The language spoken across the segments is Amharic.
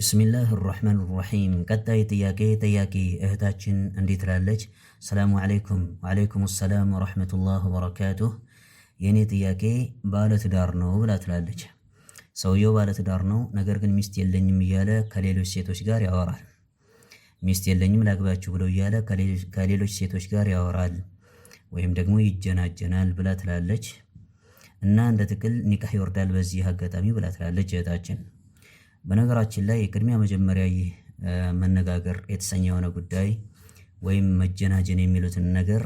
ብስሚላህ ራህማን ራሒም። ቀጣይ ጥያቄ ጠያቂ እህታችን እንዲህ ትላለች። ሰላሙ ዓለይኩም። ወዓለይኩም ሰላም ወረሕመቱላህ ወበረካቱህ። የእኔ ጥያቄ ባለትዳር ነው ብላ ትላለች። ሰውየው ባለትዳር ነው፣ ነገር ግን ሚስት የለኝም እያለ ከሌሎች ሴቶች ጋር ያወራል። ሚስት የለኝም ላግባችሁ ብለው እያለ ከሌሎች ሴቶች ጋር ያወራል ወይም ደግሞ ይጀናጀናል ብላ ትላለች እና እንደ ጥቅል ኒካህ ይወርዳል በዚህ አጋጣሚ ብላ ትላለች እህታችን በነገራችን ላይ ቅድሚያ መጀመሪያ ይህ መነጋገር የተሰኘ የሆነ ጉዳይ ወይም መጀናጀን የሚሉትን ነገር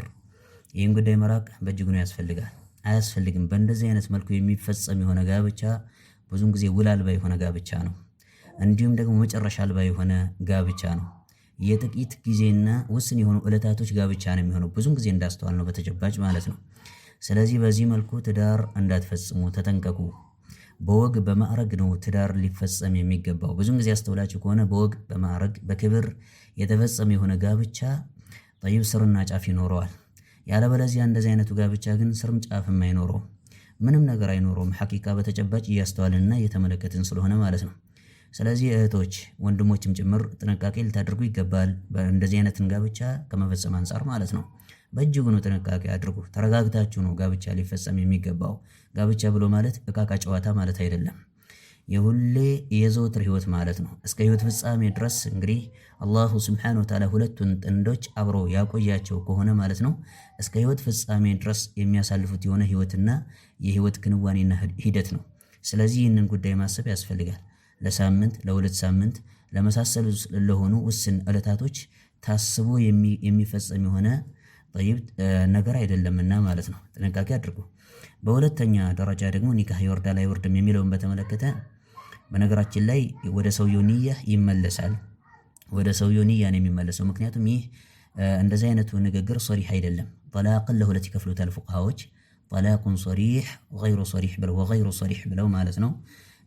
ይህን ጉዳይ መራቅ በእጅጉ ነው ያስፈልጋል አያስፈልግም። በእንደዚህ አይነት መልኩ የሚፈጸም የሆነ ጋብቻ ብዙም ጊዜ ውል አልባ የሆነ ጋብቻ ነው። እንዲሁም ደግሞ መጨረሻ አልባ የሆነ ጋብቻ ነው። የጥቂት ጊዜና ውስን የሆኑ ዕለታቶች ጋብቻ ነው የሚሆነው ብዙም ጊዜ እንዳስተዋል ነው በተጨባጭ ማለት ነው። ስለዚህ በዚህ መልኩ ትዳር እንዳትፈጽሙ ተጠንቀቁ። በወግ በማዕረግ ነው ትዳር ሊፈጸም የሚገባው። ብዙን ጊዜ አስተውላችሁ ከሆነ በወግ በማዕረግ በክብር የተፈጸመ የሆነ ጋብቻ ጠይብ ስርና ጫፍ ይኖረዋል። ያለበለዚያ እንደዚህ አይነቱ ጋብቻ ግን ስርም ጫፍም አይኖረውም፣ ምንም ነገር አይኖረውም። ሐቂቃ በተጨባጭ እያስተዋልንና እየተመለከትን ስለሆነ ማለት ነው። ስለዚህ እህቶች ወንድሞችም ጭምር ጥንቃቄ ልታደርጉ ይገባል። እንደዚህ አይነትን ጋብቻ ከመፈጸም አንጻር ማለት ነው። በእጅጉ ነው ጥንቃቄ አድርጉ። ተረጋግታችሁ ነው ጋብቻ ሊፈጸም የሚገባው። ጋብቻ ብሎ ማለት እቃቃ ጨዋታ ማለት አይደለም። የሁሌ የዘወትር ህይወት ማለት ነው። እስከ ህይወት ፍጻሜ ድረስ እንግዲህ አላሁ ስብሓነሁ ወተዓላ ሁለቱን ጥንዶች አብሮ ያቆያቸው ከሆነ ማለት ነው እስከ ህይወት ፍጻሜ ድረስ የሚያሳልፉት የሆነ ህይወትና የህይወት ክንዋኔና ሂደት ነው። ስለዚህ ይህንን ጉዳይ ማሰብ ያስፈልጋል። ለሳምንት፣ ለሁለት ሳምንት ለመሳሰሉ ለሆኑ ውስን ዕለታቶች ታስቦ የሚፈጸም የሆነ ጠይብ ነገር አይደለምና ማለት ነው። ጥንቃቄ አድርጉ። በሁለተኛ ደረጃ ደግሞ ኒካህ ይወርዳል አይወርድም የሚለውን በተመለከተ በነገራችን ላይ ወደ ሰውየው ንያ ይመለሳል። ወደ ሰውየው ንያ ነው የሚመለሰው። ምክንያቱም ይህ እንደዚህ አይነቱ ንግግር ሶሪሕ አይደለም። ጠላቅን ለሁለት ይከፍሉታል ፉቅሃዎች፣ ጠላቁን ሶሪሕ፣ ገይሩ ሶሪሕ ብለው ማለት ነው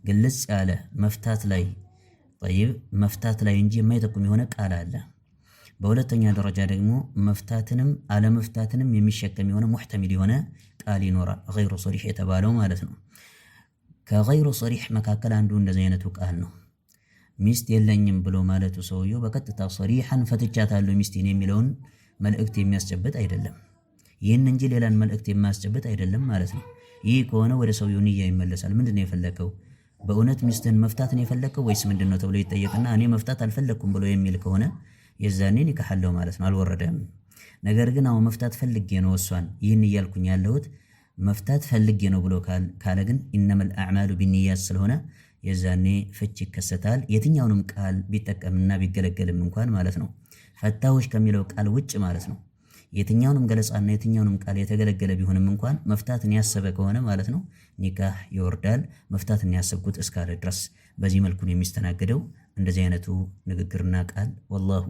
ግልጽ ያለ መፍታት ላይ ጠይብ መፍታት ላይ እንጂ የማይጠቁም የሆነ ቃል አለ። በሁለተኛ ደረጃ ደግሞ መፍታትንም አለመፍታትንም የሚሸከም የሆነ ሙሕተሚል የሆነ ቃል ይኖራል። ገይሩ ሰሪሕ የተባለው ማለት ነው። ከገይሩ ሰሪሕ መካከል አንዱ እንደዚህ አይነቱ ቃል ነው። ሚስት የለኝም ብሎ ማለቱ ሰውየው በቀጥታ ሰሪሐን ፈትቻታለሁ ሚስቴን የሚለውን መልእክት የሚያስጨብጥ አይደለም። ይህን እንጂ ሌላን መልእክት የማያስጨብጥ አይደለም ማለት ነው። ይህ ከሆነ ወደ ሰውየው ንያ ይመለሳል። ምንድን ነው የፈለገው? በእውነት ሚስትህን መፍታትን የፈለግከው ወይስ ምንድን ነው ተብሎ ይጠየቅና እኔ መፍታት አልፈለግኩም ብሎ የሚል ከሆነ የዛኔን ኒካሃለው ማለት ነው፣ አልወረደም። ነገር ግን አሁን መፍታት ፈልጌ ነው እሷን ይህን እያልኩኝ ያለሁት መፍታት ፈልጌ ነው ብሎ ካለ ግን ኢነመል አዕማሉ ቢንያዝ ስለሆነ የዛኔ ፍች ይከሰታል። የትኛውንም ቃል ቢጠቀምና ቢገለገልም እንኳን ማለት ነው ፈታዎች ከሚለው ቃል ውጭ ማለት ነው። የትኛውንም ገለጻና የትኛውንም ቃል የተገለገለ ቢሆንም እንኳን መፍታትን ያሰበ ከሆነ ማለት ነው ኒካህ ይወርዳል። መፍታትን ያሰብኩት እስካለ ድረስ በዚህ መልኩ ነው የሚስተናገደው እንደዚህ አይነቱ ንግግርና ቃል ወላሁ